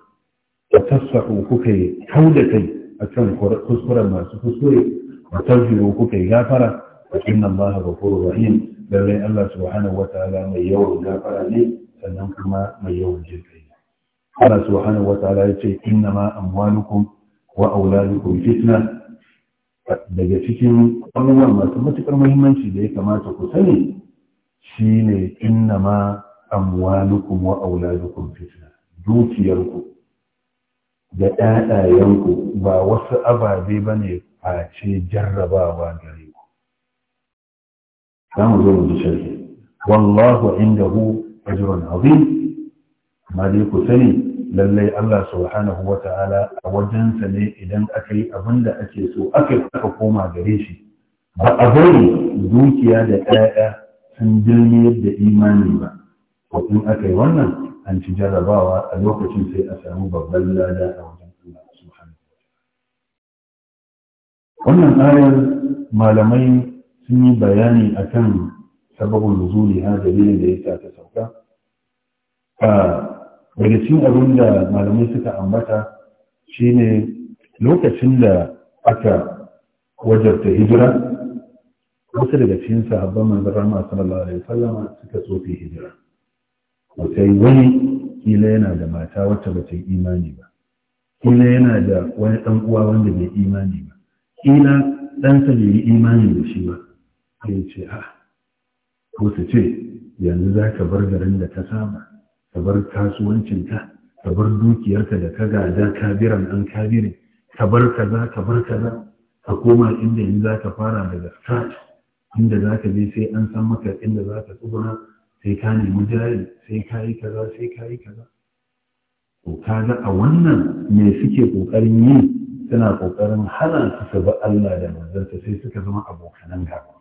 [SPEAKER 1] Wa tasfahu kuka yi kau da kai akan kuskuren masu kuskure wa tarjiru kuka yi gafara wa inna Allah ghafurur rahim lallai Allah subhanahu wa ta'ala mai yawan gafara ne sannan kuma mai yawan jinkai. Allah subhanahu wataala ya ce innama amwalukum wa auladukum fitna daga cikin abubuwan masu matukar muhimmanci da ya kamata ku sani shine innama amwalukum wa auladukum fitna dukiyarku da ɗaɗayenku ba wasu ababe ba ne ce jarrabawa gare ku. Za mu zo mu ji Wallahu indahu ajrun azim. ma dai ku sani lallai Allah subhanahu wa ta'ala a wajensa ne idan aka yi abin da ake so aka aka koma gare shi ba a bari dukiya da ɗaya sun girme da imani ba ko in aka yi wannan an ci jarrabawa a lokacin sai a samu babban lada a wajen Allah subhanahu wa wannan ayar malamai sun yi bayani akan sababin nuzuli ha dalilin da ya ta sauka ah, daga cikin abin da malamai suka ambata shine lokacin da aka wajarta hijira wasu daga cikin sahabban manzarar masu lalata ya sallama suka tsofi hijira yi wani kila yana da mata wacce ba ta imani ba kila yana da wani ɗan uwa wanda bai imani ba kila ɗansa bai yi imani da shi ba sai ce a ko su ce yanzu za ka bar garin da ta saba ka bar kasuwancinka ka bar dukiyarka da ka gada kabiran an kabirin ka bar kaza ka bar kaza ka koma inda yanzu za ka fara daga start inda za ka je sai an san maka inda za ka tsuguna sai ka nemi jari sai ka yi kaza sai ka yi kaza to kaga a wannan me suke kokarin yi suna kokarin hana su su bi Allah da manzansa sai suka zama abokanan gaba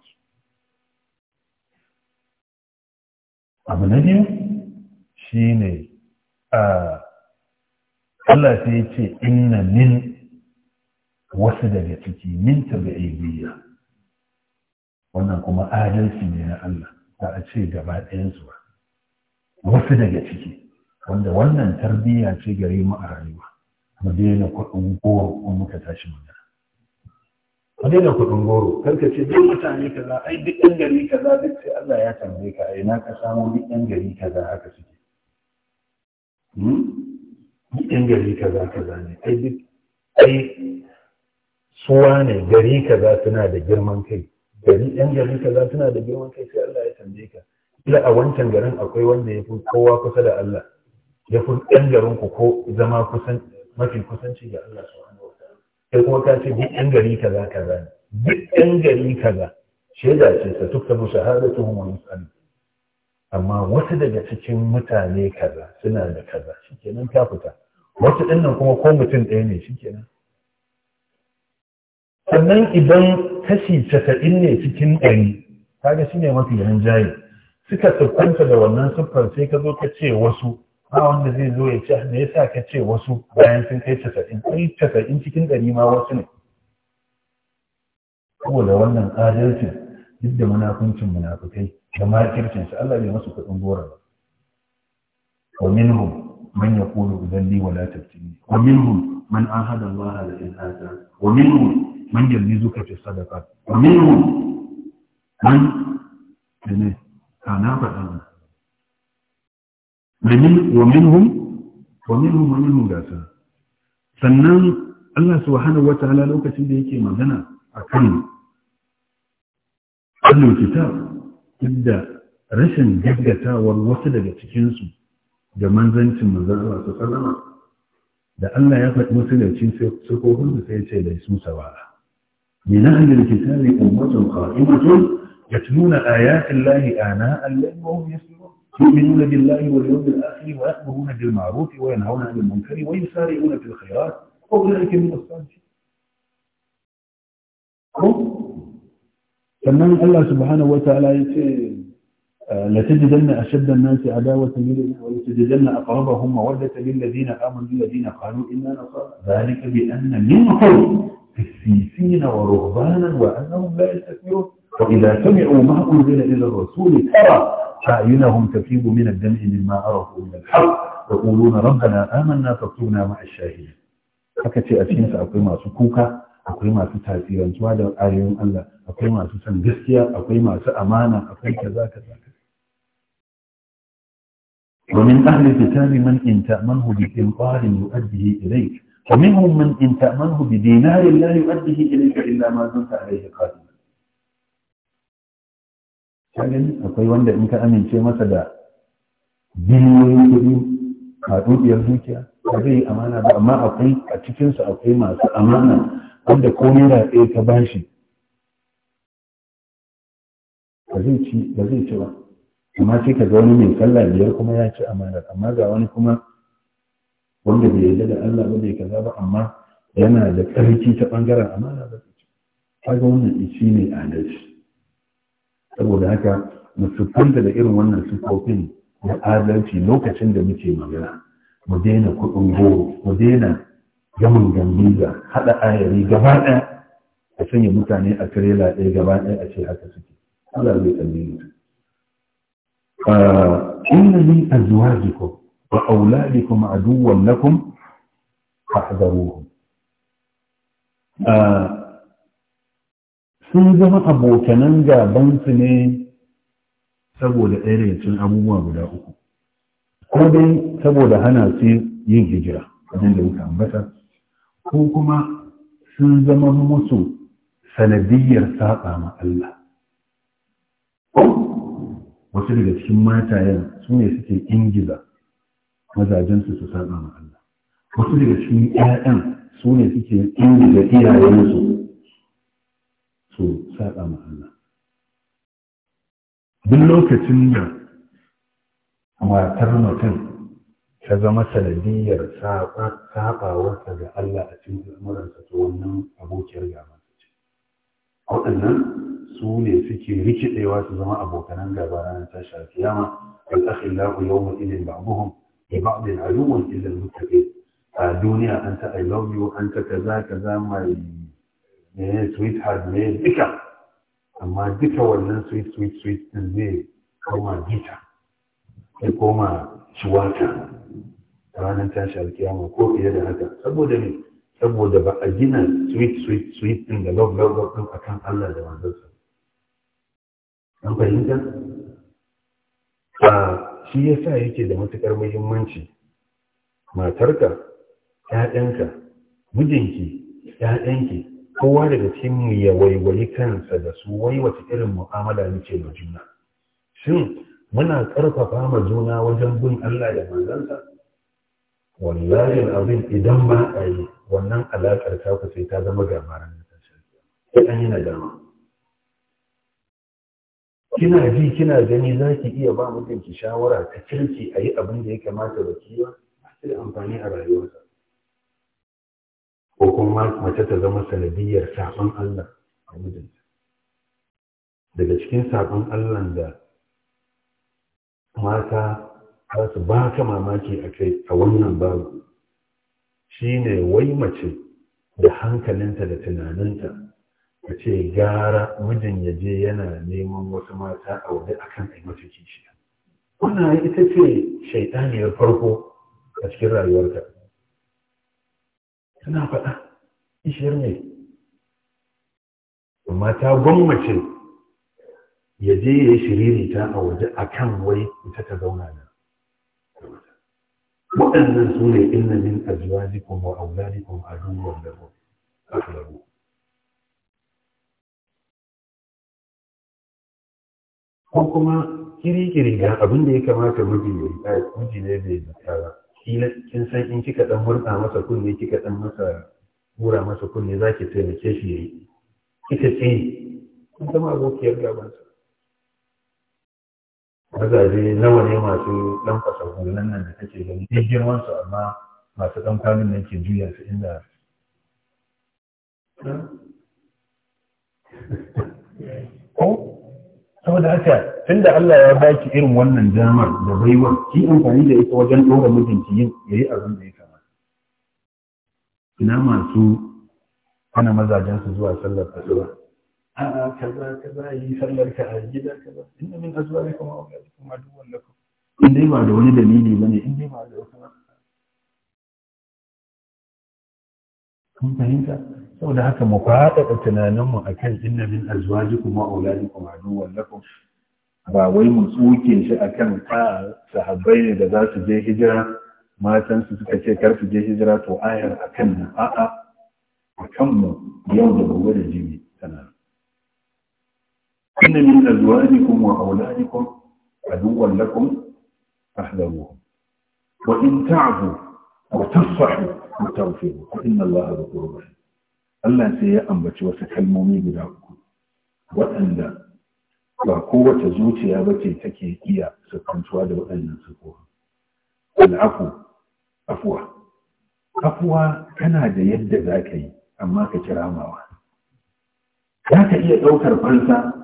[SPEAKER 1] abu na biyu shine Allah sai ya ce inna min wasu daga ciki min ibiya wannan kuma adalci ne na Allah ta a ce gaba ɗayan zuwa ba wasu daga ciki wanda wannan tarbiyya ce gare mu a rayuwa mu daina kuɗin goro in muka tashi mu magana mu daina kuɗin goro kar ka ce duk mutane kaza ai duk ɗan gari kaza duk sai Allah ya tambaye ka ai na ka samu duk ɗan gari kaza haka suke Hmm? yan gari kaza kaza ne ai duk ai suwa ne gari kaza suna da girman kai gari yan gari kaza suna da girman kai sai Allah ya tambaye ka ila a wancan garin akwai wanda ya fi kowa kusa da Allah ya fi yan garin ku ko zama kusan mafi kusanci ga Allah su subhanahu wataala sai kuma ka ce duk yan gari kaza kaza ne duk yan gari kaza shaida ce sa tukta mushahadatuhum wa yus'alun amma wasu daga cikin mutane kaza suna da kaza shikenan ta fita wasu dinnan kuma ko mutum ɗaya ne shikenan sannan idan kashi casa'in ne cikin ɗari kaga shine mafi rinjaye suka siffanta da wannan siffar sai ka zo ka ce wasu ba wanda zai zo ya ce me yasa ka ce wasu bayan sun kai casa'in kai casa'in cikin ɗari ma wasu ne saboda wannan adalcin duk da munafuncin munafukai da makircin su Allah bai masu kudin gora ba wa minhum man yaqulu idan li wala tabtini wa minhum man ahada Allah la in ata wa minhum man yalmizuka fi sadaqat wa minhum man ne kana faɗa wa minhum wa minhum wa minhum gasa sannan Allah subhanahu wataala lokacin da yake magana akan ahlul kitab duk da rashin gaggatawar wasu daga cikinsu da manzancin manzan Allah su sallama da Allah ya faɗi wasu daga cikin sufofin da sai ce da su sawara min ahlil kitabi ummatun qa'imatun yatluna ayati llahi ana al-layli wa hum yasjudun يؤمنون بالله واليوم الآخر ويأمرون بالمعروف وينهون عن المنكر ويسارعون في الخيرات وأولئك من الصالحين sannan Allah subhanahu wa ta'ala ya ce la tajidanna ashadda an-nasi adawatan lil wa la tajidanna aqrabahum mawaddatan lil ladina amanu lil ladina qalu inna nasara dhalika bi anna minhum قسيسين ورهبانا وأنهم لا يستكبرون وإذا سمعوا ما أنزل إلى الرسول ترى أعينهم تفيض من الدمع مما عرفوا من الحق يقولون ربنا آمنا فاكتبنا مع الشاهدين haka ce a cikinsa akwai masu kuka akwai masu tasirantuwa da ayoyin Allah akwai masu son gaskiya akwai masu amana akwai kaza kaza
[SPEAKER 2] ومن أهل الكتاب
[SPEAKER 1] من إن تأمنه بقنطار يؤديه إليك ومنهم من إن تأمنه بدينار لا يؤديه إليك إلا ما دمت عليه قادما kagani akwai wanda in ka amince masa da biliyoyin kuɗi a dukiyar dukiya ba zai yi amana ba amma akwai a cikinsu akwai masu amana wanda ko naira ka bashi ba zai ci ba amma sai ka ga wani mai kalla biyar kuma ya ci amana. amma ga wani kuma wanda bai yarda da Allah ba bai kaza ba amma yana da tsarki ta bangaren amana ba zai ci kaga wannan shi ne adalci saboda haka mu da irin wannan sufofin na adalci lokacin da muke magana mu daina kuɗin goro mu daina gamin gambiza haɗa ayari gaba ɗaya a sanya mutane a tirela ɗaya gaba ɗaya a ce haka suke Allah zai tambaye ta ah, inna min azwajikum wa auladikum aduwwan lakum fahdaruhum ah, sun zama abokanan gabansu ne saboda ɗaya daga cikin abubuwa guda uku ko dai saboda hana su yin hijira abin da wuta ambata ko kuma sun zama musu sanadiyyar saɓa ma Allah wasu daga cikin matayen su ne suke ingiza mazajensu su saba ma Allah wasu daga cikin ƴaƴan su ne suke ingiza iyayensu su saba ma Allah duk lokacin da matar mutum ta zama sanadiyar saɓawarsa ga Allah a cikin al'amuransa ta wannan abokiyar gaba waɗannan su ne suke rikidewa su zama abokanan gaba ranar tashi alkiyama wal akhillahu yawma idin ba'dhum li ba'din aduwwan illa al-muttaqin a duniya an ta i love you an ta kaza kaza mai ne heart" ne duka amma duka wannan sweet sweet sweet din zai koma gita ya koma ciwata ranar tashi alkiyama ko fiye da haka saboda ne saboda ba a gina sweet sweet sweet din da love love love din akan Allah da manzansa an fahimta a shi ya sa yake da matukar muhimmanci matarka ƴaƴanka mijinki ƴaƴanki kowa daga cikin mu ya waiwayi kansa da su wai wata irin mu'amala muke ma juna shin muna ƙarfafa ma juna wajen bin Allah da manzansa wallahi abin idan ba a yi wannan alaƙar ta ku ta zama gabara da ta an yi nadama kina ji kina gani za ki iya ba mijinki shawara ta kirki a yi abin da ya kamata ba ki ba ba amfani a rayuwarsa ko kuma mace ta zama sanadiyar saɓon Allah a mijinta daga cikin saɓon Allah da mata za su ba ka mamaki a kai a wannan babu shi ne wai mace da hankalinta da tunaninta ta ce gara mijin ya je yana neman wasu mata a wani akan ai kishiya wannan ita ce shaidaniyar farko a cikin rayuwarta tana faɗa ishiyar ne amma ta gwammace ya je ya yi shiririta a waje akan wai ita ta zauna da waɗannan su ne inna min azwajikum wa auladikum aduwwan lakum fahdharu ko kuma kiri-kiri ga abin ya kamata miji ya yi miji ne bai zata ba kila kin san in kika dan murɗa masa kunne kika dan masa hura masa kunne zaki taimake shi yayi kika ce kun zama abokiyar gabansa mazaje nawa ne masu ɗan fasa hulunan nan da kake gani ɗin girman su amma masu ɗan kwanin nan ke juya su inda [LAUGHS] ko saboda haka da Allah ya baki irin wannan damar da baiwa ki amfani da ita wajen ɗora mijinki yin yayi abin da ya kamata ina masu hana mazajen su zuwa sallar asuba A'a, kaza kaza yi sallar ka a gida kaza inna min azwajikum wa auladikum aduwwan lakum in dai ba
[SPEAKER 2] da wani dalili in
[SPEAKER 1] dai ba da kun fahimta saboda haka mu faɗaɗa tunaninmu akan inna min azwajikum wa kuma aduwwan lakum ba wai mu tsuke shi akan ta sahabbai ne da za su je hijira matan su suka ce kar su je hijira to ayar akan mu a'a kan mu yau da gobe da jini tana inna min azwajikum a auladikum aduwwan lakum fahdaruhum wa in ta'fu wa tasfahu wa taghfiru fa inna Allaha ghafurur rahim Allah sai ya ambaci wasu kalmomi guda uku waɗanda ba kowace zuciya ba ce take iya sukantuwa da waɗannan sukuwa. Al'afu, afuwa. Afuwa tana da yadda za ka yi, amma ka kira mawa. Za ka iya ɗaukar fansa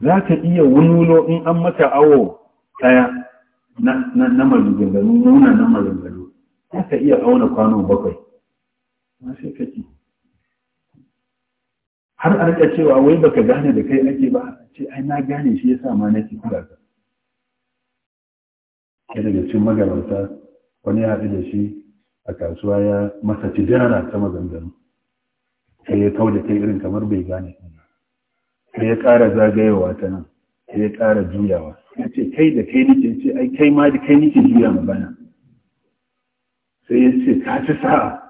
[SPEAKER 1] za ka iya wunulo in an maka awo ɗaya na maganganu nuna na za ka iya auna kwano bakwai na sai ka har a rika cewa wai ba ka gane da kai ake ba ce ai na gane shi yasa ma nake kula ka ya daga cikin magabata wani ya da shi a kasuwa ya masa tijara ta maganganu sai ya kawo da kai irin kamar bai gane sai ya ƙara zagayowa ta nan sai ya ƙara juyawa ya ce kai da kai nike ce ai kai ma da kai nike juya ma bana sai ya ce ka ci sa'a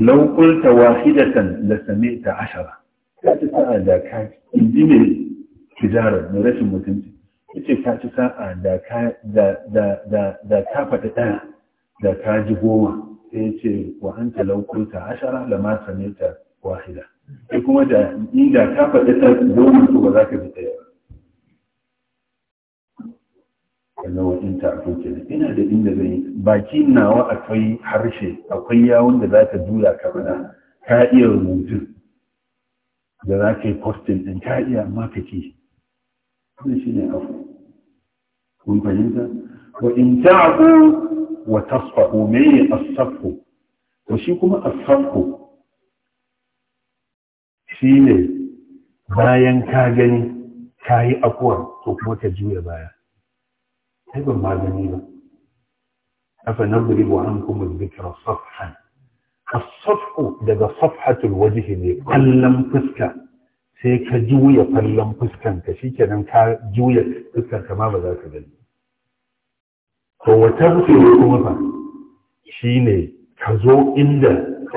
[SPEAKER 1] laukulta wahidatan da same ta ashara ka ci sa'a da ka in ji mai tijara mai rashin mutunci ya ce ka ci sa'a da ka da faɗi ɗaya da ka ji goma sai ya ce wa an ta ashara da ma ta wahida sai kuma da inda ka faɗi ta zaune to ba za ka fita ba. kaga wajen ta akwai ina da inda zai baki nawa akwai harshe akwai yawon da za ka juya ka mana ka iya rubutu da za ka yi kwastin ɗin ka iya amma ka ke Kuma shi ne afu kun fahimta wa in ta abu wa tasfa'o me ne asafu Wa shi kuma asafu shine bayan ka gani ka yi afuwa ko kuma ka juya baya sai ban magani ba afa nadribu ankum dhikra safhan as-safhu daga safhatul wajhi ne kallan fuska sai ka juya kallan fuskan ka shikenan ka juya fuskan ka ma ba za ka gani to wata fuska kuma fa shine ka zo inda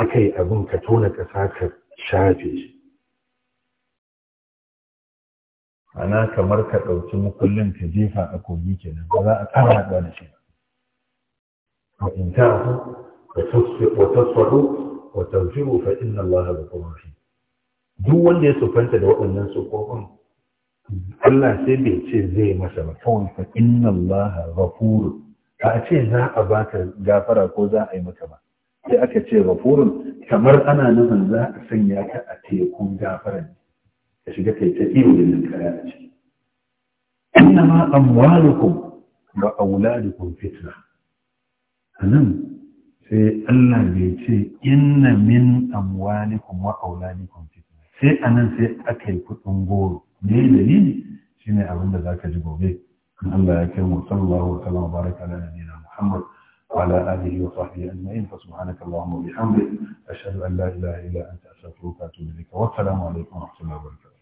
[SPEAKER 1] akai abin ka tona kasa ka shafe shi ana kamar ka ɗauki mukullin ka jefa a kogi kenan ba za a ƙara haɗa da shi ba in ta wa tasfaru wa tawfiru fa inna Allah ba kuma duk wanda ya sufanta da waɗannan sufofin Allah sai bai ce zai masa ba kawai fa inna Allah ghafur ba a ce za a baka gafara ko za a yi maka ba sai aka ce ghafurun kamar ana nufin za a sanya ka a tekun ne. اش من الكلام إنما أموالكم وأولادكم فتنة أنم في الله بيتي إن من أموالكم وأولادكم فتنة في أنا في أكل كتن بول ليه ليه شنو أقول ذاك جبوا به أن الله يكرم صلى الله وسلم وبارك على نبينا محمد وعلى آله وصحبه أجمعين فسبحانك اللهم وبحمدك أشهد أن لا إله إلا أنت أستغفرك وأتوب إليك والسلام عليكم ورحمة الله وبركاته